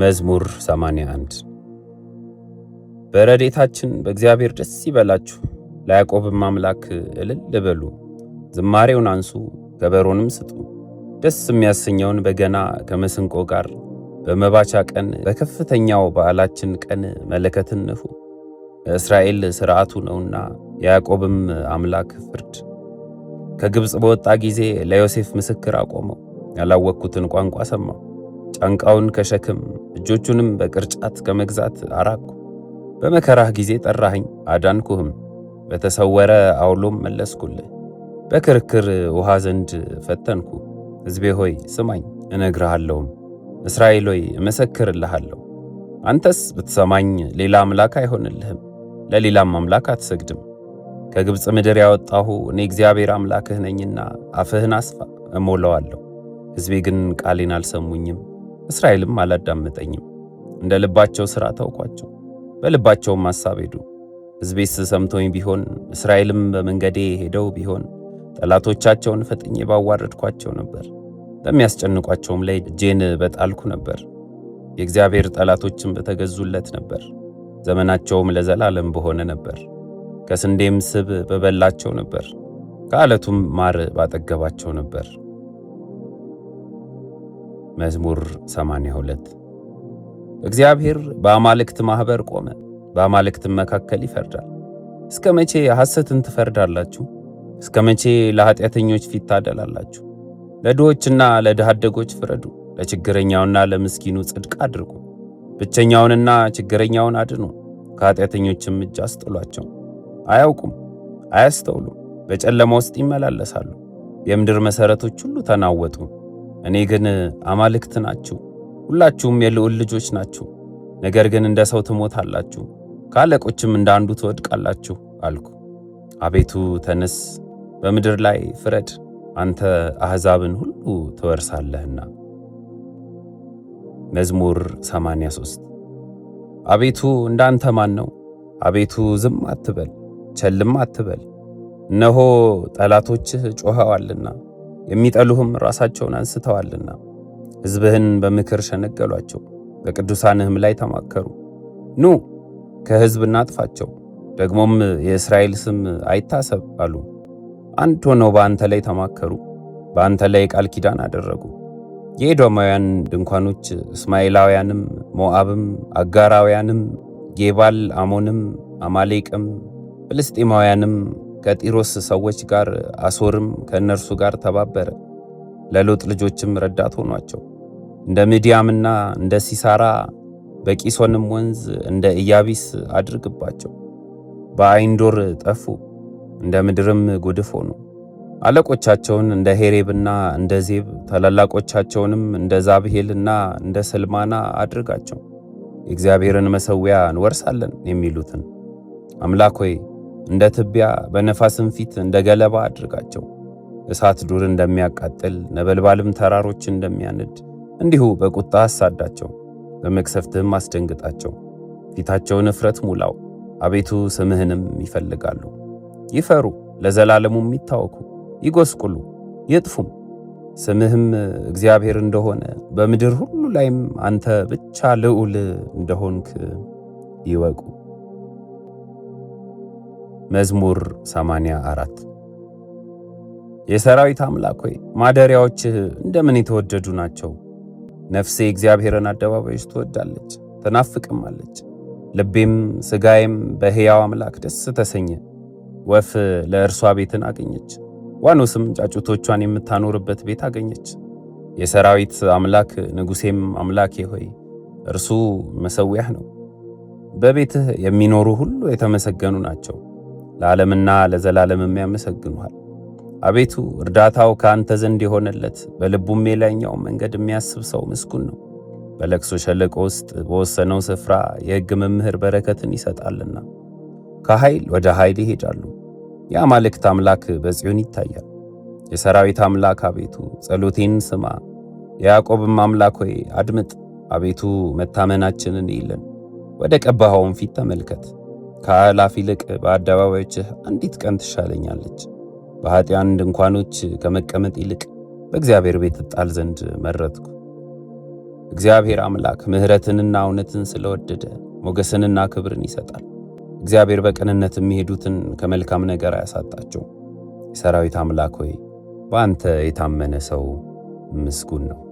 መዝሙር 81 በረዴታችን በእግዚአብሔር ደስ ይበላችሁ፣ ለያዕቆብም አምላክ እልል በሉ። ዝማሬውን አንሱ፣ ከበሮንም ስጡ፣ ደስ የሚያሰኘውን በገና ከመስንቆ ጋር በመባቻ ቀን በከፍተኛው በዓላችን ቀን መለከትን ንፉ። እስራኤል ሥርዓቱ ነውና የያዕቆብም አምላክ ፍርድ። ከግብፅ በወጣ ጊዜ ለዮሴፍ ምስክር አቆመው፣ ያላወቅኩትን ቋንቋ ሰማው። ጫንቃውን ከሸክም እጆቹንም በቅርጫት ከመግዛት አራቅኩ። በመከራህ ጊዜ ጠራኸኝ አዳንኩህም፣ በተሰወረ አውሎም መለስኩልህ። በክርክር ውሃ ዘንድ ፈተንኩ። ሕዝቤ ሆይ ስማኝ እነግርሃለሁም፣ እስራኤል ሆይ እመሰክርልሃለሁ። አንተስ ብትሰማኝ ሌላ አምላክ አይሆንልህም፣ ለሌላም አምላክ አትሰግድም። ከግብፅ ምድር ያወጣሁ እኔ እግዚአብሔር አምላክህ ነኝና አፍህን አስፋ እሞላዋለሁ። ሕዝቤ ግን ቃሌን አልሰሙኝም። እስራኤልም አላዳመጠኝም። እንደ ልባቸው ሥራ ተውኳቸው፣ በልባቸውም ሐሳብ ሄዱ። ሕዝቤስ ሰምቶኝ ቢሆን እስራኤልም በመንገዴ ሄደው ቢሆን ጠላቶቻቸውን ፈጥኜ ባዋረድኳቸው ነበር፣ በሚያስጨንቋቸውም ላይ እጄን በጣልኩ ነበር። የእግዚአብሔር ጠላቶችን በተገዙለት ነበር፣ ዘመናቸውም ለዘላለም በሆነ ነበር። ከስንዴም ስብ በበላቸው ነበር፣ ከዓለቱም ማር ባጠገባቸው ነበር። መዝሙር 82 እግዚአብሔር በአማልክት ማኅበር ቆመ፣ በአማልክትም መካከል ይፈርዳል። እስከ መቼ ሐሰትን ትፈርዳላችሁ? እስከ መቼ ለኀጢአተኞች ፊት ታደላላችሁ? ለድሆችና ለድሃ ፍረዱ፣ ለችግረኛውና ለምስኪኑ ጽድቅ አድርጉ። ብቸኛውንና ችግረኛውን አድኑ፣ ከኀጢአተኞችም እጅ አስጥሏቸው። አያውቁም፣ አያስተውሉም፣ በጨለማ ውስጥ ይመላለሳሉ። የምድር መሠረቶች ሁሉ ተናወጡ። እኔ ግን አማልክት ናችሁ፣ ሁላችሁም የልዑል ልጆች ናችሁ። ነገር ግን እንደ ሰው ትሞታላችሁ፣ ከአለቆችም እንደ አንዱ ትወድቃላችሁ አልኩ። አቤቱ ተነስ፣ በምድር ላይ ፍረድ፣ አንተ አሕዛብን ሁሉ ትወርሳለህና። መዝሙር 83 አቤቱ እንዳንተ ማን ነው? አቤቱ ዝም አትበል፣ ቸልም አትበል። እነሆ ጠላቶችህ ጮኸዋልና የሚጠሉህም ራሳቸውን አንስተዋልና ሕዝብህን በምክር ሸነገሏቸው፣ በቅዱሳንህም ላይ ተማከሩ። ኑ ከሕዝብ እናጥፋቸው፣ ደግሞም የእስራኤል ስም አይታሰብ አሉ። አንድ ሆነው በአንተ ላይ ተማከሩ፣ በአንተ ላይ ቃል ኪዳን አደረጉ። የኤዶማውያን ድንኳኖች፣ እስማኤላውያንም፣ ሞዓብም፣ አጋራውያንም፣ ጌባል፣ አሞንም፣ አማሌቅም፣ ፍልስጢማውያንም፣ ከጢሮስ ሰዎች ጋር አሶርም ከእነርሱ ጋር ተባበረ። ለሎጥ ልጆችም ረዳት ሆኗቸው። እንደ ምድያምና እንደ ሲሳራ በቂሶንም ወንዝ እንደ ኢያቢስ አድርግባቸው። በአይንዶር ጠፉ፣ እንደ ምድርም ጉድፍ ሆኑ። አለቆቻቸውን እንደ ሄሬብና እንደ ዜብ ታላላቆቻቸውንም እንደ ዛብሄልና እንደ ስልማና አድርጋቸው። የእግዚአብሔርን መሠዊያ እንወርሳለን የሚሉትን አምላክ ሆይ እንደ ትቢያ በነፋስም ፊት እንደ ገለባ አድርጋቸው። እሳት ዱር እንደሚያቃጥል ነበልባልም ተራሮች እንደሚያንድ እንዲሁ በቁጣ አሳዳቸው፣ በመቅሰፍትህም አስደንግጣቸው። ፊታቸውን እፍረት ሙላው፣ አቤቱ ስምህንም ይፈልጋሉ። ይፈሩ ለዘላለሙም ይታወኩ፣ ይጎስቁሉ ይጥፉም። ስምህም እግዚአብሔር እንደሆነ በምድር ሁሉ ላይም አንተ ብቻ ልዑል እንደሆንክ ይወቁ። መዝሙር 84 የሰራዊት አምላክ ሆይ ማደሪያዎችህ እንደምን የተወደዱ ናቸው። ነፍሴ እግዚአብሔርን አደባባዮች ትወዳለች ትናፍቅማለች። ልቤም ሥጋዬም በሕያው አምላክ ደስ ተሰኘ። ወፍ ለእርሷ ቤትን አገኘች፣ ዋኖስም ጫጩቶቿን የምታኖርበት ቤት አገኘች። የሰራዊት አምላክ ንጉሴም አምላኬ ሆይ እርሱ መሠዊያህ ነው። በቤትህ የሚኖሩ ሁሉ የተመሰገኑ ናቸው። ለዓለምና ለዘላለምም ያመሰግኑሃል። አቤቱ እርዳታው ከአንተ ዘንድ የሆነለት በልቡም የላይኛው መንገድ የሚያስብ ሰው ምስጉን ነው። በለቅሶ ሸለቆ ውስጥ በወሰነው ስፍራ የሕግ መምህር በረከትን ይሰጣልና ከኃይል ወደ ኃይል ይሄዳሉ። የአማልክት አምላክ በጽዮን ይታያል። የሰራዊት አምላክ አቤቱ ጸሎቴን ስማ፣ የያዕቆብም አምላክ ሆይ አድምጥ። አቤቱ መታመናችንን ይለን ወደ ቀባኸውም ፊት ተመልከት። ከአላፍ ይልቅ በአደባባዮችህ አንዲት ቀን ትሻለኛለች። በኃጢያን ድንኳኖች ከመቀመጥ ይልቅ በእግዚአብሔር ቤት እጣል ዘንድ መረጥኩ። እግዚአብሔር አምላክ ምሕረትንና እውነትን ስለወደደ ሞገስንና ክብርን ይሰጣል። እግዚአብሔር በቅንነት የሚሄዱትን ከመልካም ነገር አያሳጣቸው። የሰራዊት አምላክ ሆይ በአንተ የታመነ ሰው ምስጉን ነው።